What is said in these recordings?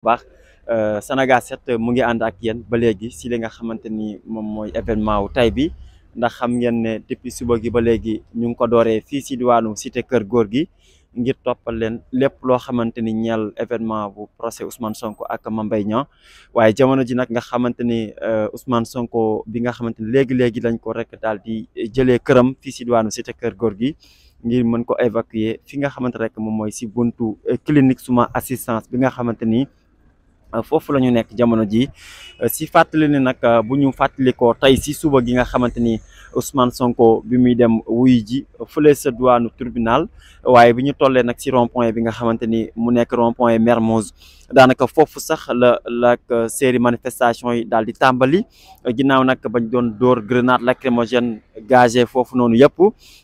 baax euh, Sénégal 7 mu ngi ànd ak yéen ba léegi si li nga xamante ni moom mooy événement wu tey bi ndax xam ngeen ne depuis suba gi ba léegi ñu ngi ko dooree fii si diwaanu cité kër góor gi ngir toppal leen lépp loo xamante ni ñeel événement bu procès usman Sonko ak ma Mbaye Niang waaye jamono ji nag nga xamante ni euh, Ousmane Sonko bi nga xamante ni léegi léegi lañ ko rek daal di jëlee këram fii si diwaanu cité kër góor gi ngir mën ko évacuer fi nga xamante rek moom mooy si buntu euh, clinique suma assistance bi nga xamante ni. Euh, foofu la ñu nekk jamono ji euh, si fàttali na nag euh, bu ñu fàttalikoo tey si suba gi nga xamante ni Ousmane Sonko bi muy dem wuy ji fële sa duwaanu tribunal waaye bi ñu tollee nag si rond bi nga xamante ni mu nekk rond point Mermoz daanaka foofu sax la la série manifestation yi daal di tàmbali ginnaaw nag bañ doon dóor grenade lacrymogène gazé foofu noonu yëpp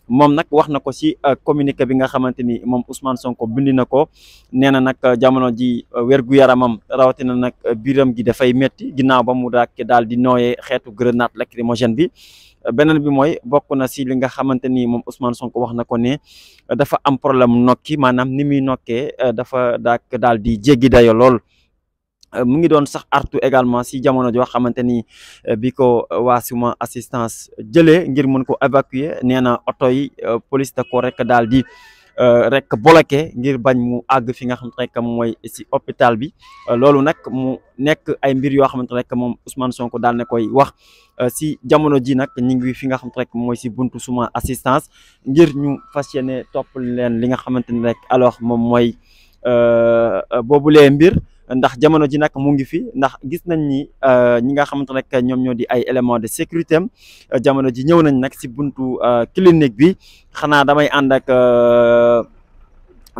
moom nag wax na ko si communiqué bi nga xamante ni moom Ousmane Sonko bindi na ko nee na nag rawatina nag euh, biiram gi dafay métti ginnaaw ba mu daak daal di nooyee xeetu grenade lacrymogène bi euh, beneen bi mooy bokk na si li nga xamante ni moom Ousmane Sonko wax na ko ne euh, dafa am problème nokki maanaam ni muy nokkee dafa daak daal di jéggi dayo lool mu ngi doon sax artu également si jamono joo xamante ni bi ko waa suma assistance jëlee ngir mën ko évacuer nee na oto yi police da ko rek daal di Euh, rek bloqué ngir bañ mu àgg fi nga xamante rek am mooy si hôpital bi euh, loolu nag mu nekk ay mbir yoo xamante rek moom Ousmane Sonko daal na koy wax si euh, jamono ji nag ñu ngi fi nga xamante rek mooy si buntu suma assistance ngir ñu fas yéene topp leen li nga xamante ni rek alors moom mooy boobulee mbir ndax jamono ji nag mu ngi fi ndax gis nañ ni euh, ñi nga xamante rek ñoom ñoo di ay élément de sécurité euh, jamono ji ñëw nañ nag si buntu euh, clinique bi xanaa damay ànd ak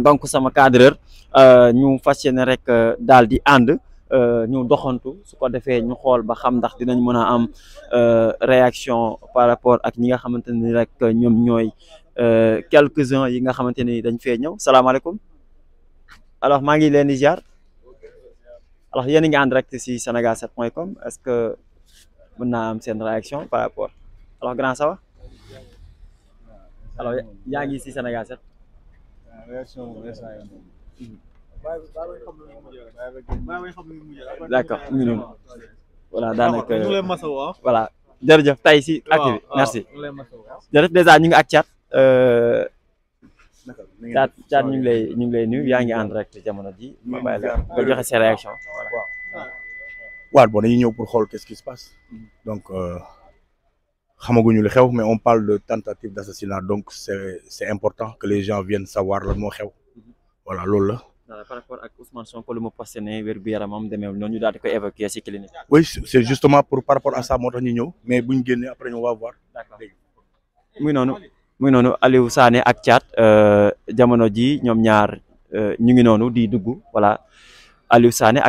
donc sama cadreur ñu fas yéene rek daal di ànd ñu doxantu su ko defee ñu xool ba xam ndax dinañ mën a am réaction par rapport ak ñi nga xamante ni rek ñoom ñooy quelques-uns yi nga xamante ni dañ fee ñëw salaamaaleykum alors maa ngi leen di alors yéen a ngi en direct ci senegal est-ce que mën naa am seen réaction par rapport alors grand ça yaa ngi si Sénégal 7. d'accord ngi noonu voilà daanaka voilà jërëjëf tey ci ak bi merci jërëjëf déjà ñu ngi ak Thiat Thiat euh, ñu ngi lay ñu ngi lay nuyu yaa ngi en direct jamono ji ma bàyyi la nga joxe réaction waaw bon dañuy ñëw pour xool qu'est-ce qui se passe donc euh, xamaguñu li xew mais on parle de tentative d'assassinat donc c'est c'est important que les gens viennent savoir lan moo xew voilà loolu la. par rapport ak Ousmane Sonko lu mu passé ne wér gu yaramam demee noonu ñu daal di ko évacuer c'est justement pour par rapport à ça moo tax ñu ñëw mais buñ génnee après ñu va voir. d'accord muy noonu muy noonu Aliou Sané ak caat euh, jamono ji ñoom ñaar euh, ñu ngi noonu di dugg voilà Aliou Sané